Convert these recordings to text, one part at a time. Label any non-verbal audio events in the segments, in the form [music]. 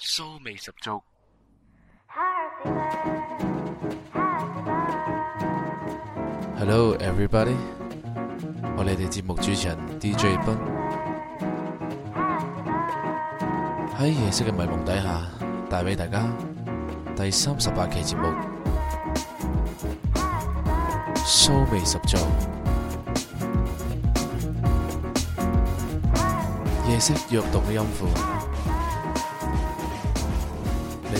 酥味十足。Hello everybody，我係你哋節目主持人 DJ 斌。喺夜色嘅迷蒙底下，帶俾大家第三十八期節目，酥味十足。夜色躍動嘅音符。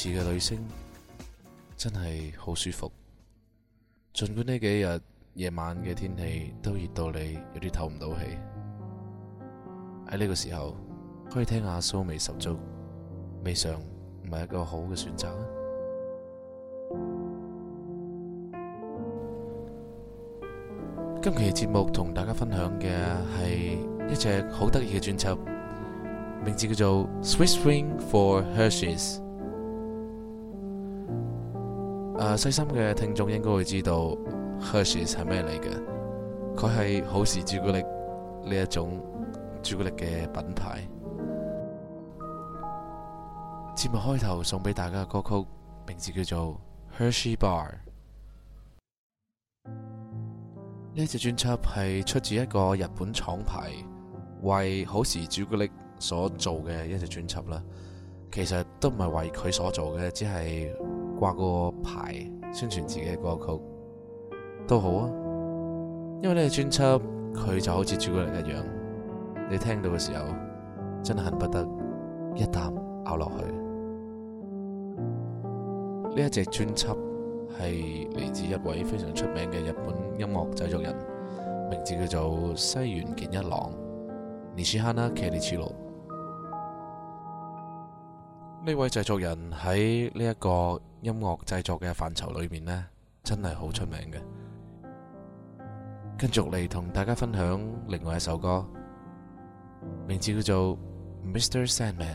似嘅女聲真係好舒服。儘管呢幾日夜晚嘅天氣都熱到你有啲透唔到氣，喺呢個時候可以聽下蘇味十足，未嘗唔係一個好嘅選擇。 [music] 今期節目同大家分享嘅係一隻好得意嘅專輯，名字叫做《Sweet Swing for HERSHEY'S》。誒，細心嘅聽眾應該會知道，Hershey 係咩嚟嘅？佢係好時朱古力呢一種朱古力嘅品牌。節目開頭送俾大家嘅歌曲，名字叫做《Hershey Bar》。呢 [music] 一隻專輯係出自一個日本廠牌為好時朱古力所做嘅一隻專輯啦。其實都唔係為佢所做嘅，只係。掛個牌宣傳自己嘅歌曲都好啊，因為呢個專輯佢就好似朱古力一樣，你聽到嘅時候真係恨不得一啖咬落去。呢 [music] 一隻專輯係嚟自一位非常出名嘅日本音樂製作人，名字叫做西原健一郎。Nishihara Kenichiro。呢位製作人喺呢一個音樂製作嘅範疇裏面呢，真係好出名嘅。跟住嚟同大家分享另外一首歌，名字叫做《Mr. Sandman》。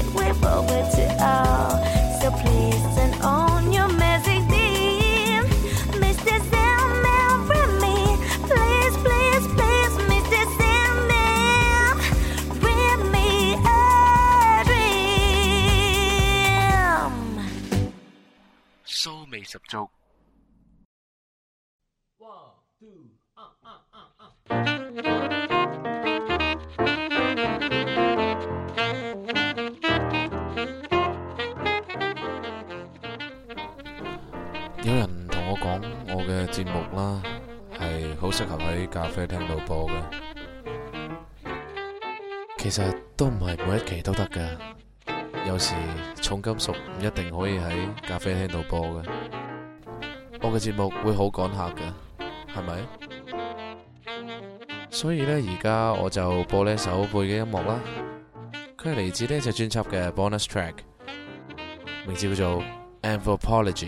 有人同我講，我嘅節目啦係好適合喺咖啡廳度播嘅。其實都唔係每一期都得噶，有時重金屬唔一定可以喺咖啡廳度播嘅。我嘅節目會好趕客噶，係咪？所以呢，而家我就播呢首背景音樂啦。佢係嚟自呢隻專輯嘅 bonus track，名字叫做《Anthropology》。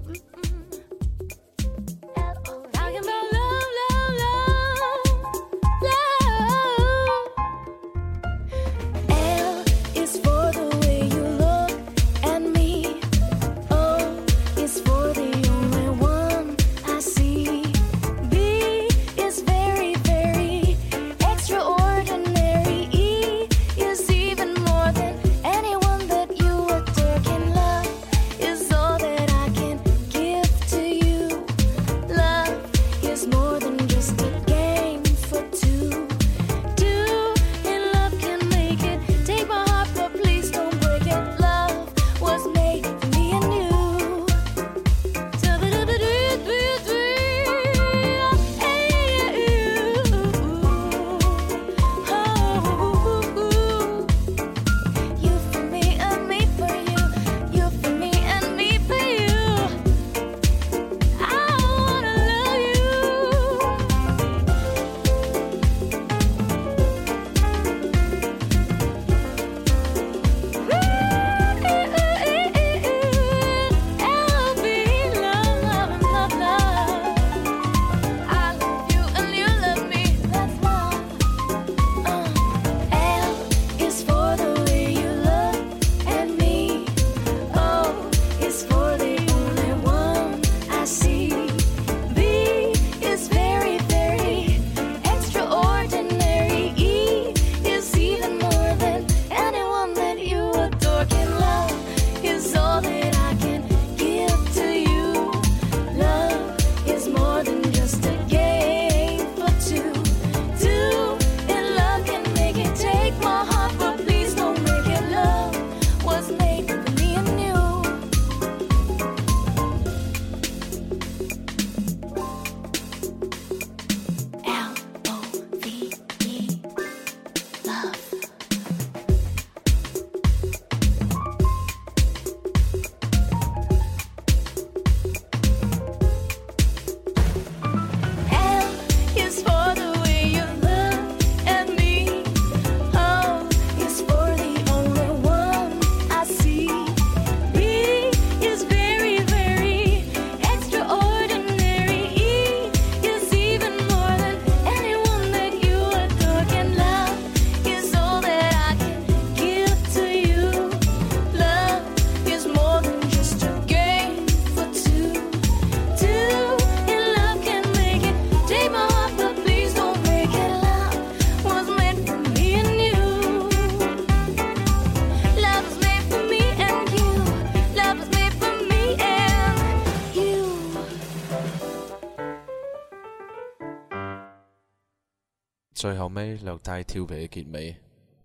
最後尾略帶調皮嘅結尾，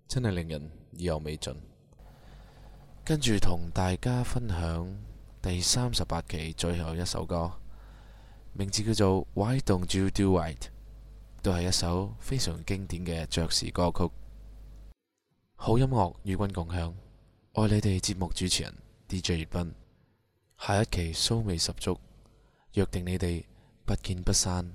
真係令人意猶未盡。跟住同大家分享第三十八期最後一首歌，名字叫做《Why Don't You Do Right》，都係一首非常經典嘅爵士歌曲。好音樂與君共享，愛你哋節目主持人 DJ 斌。下一期騷味十足，約定你哋不見不散。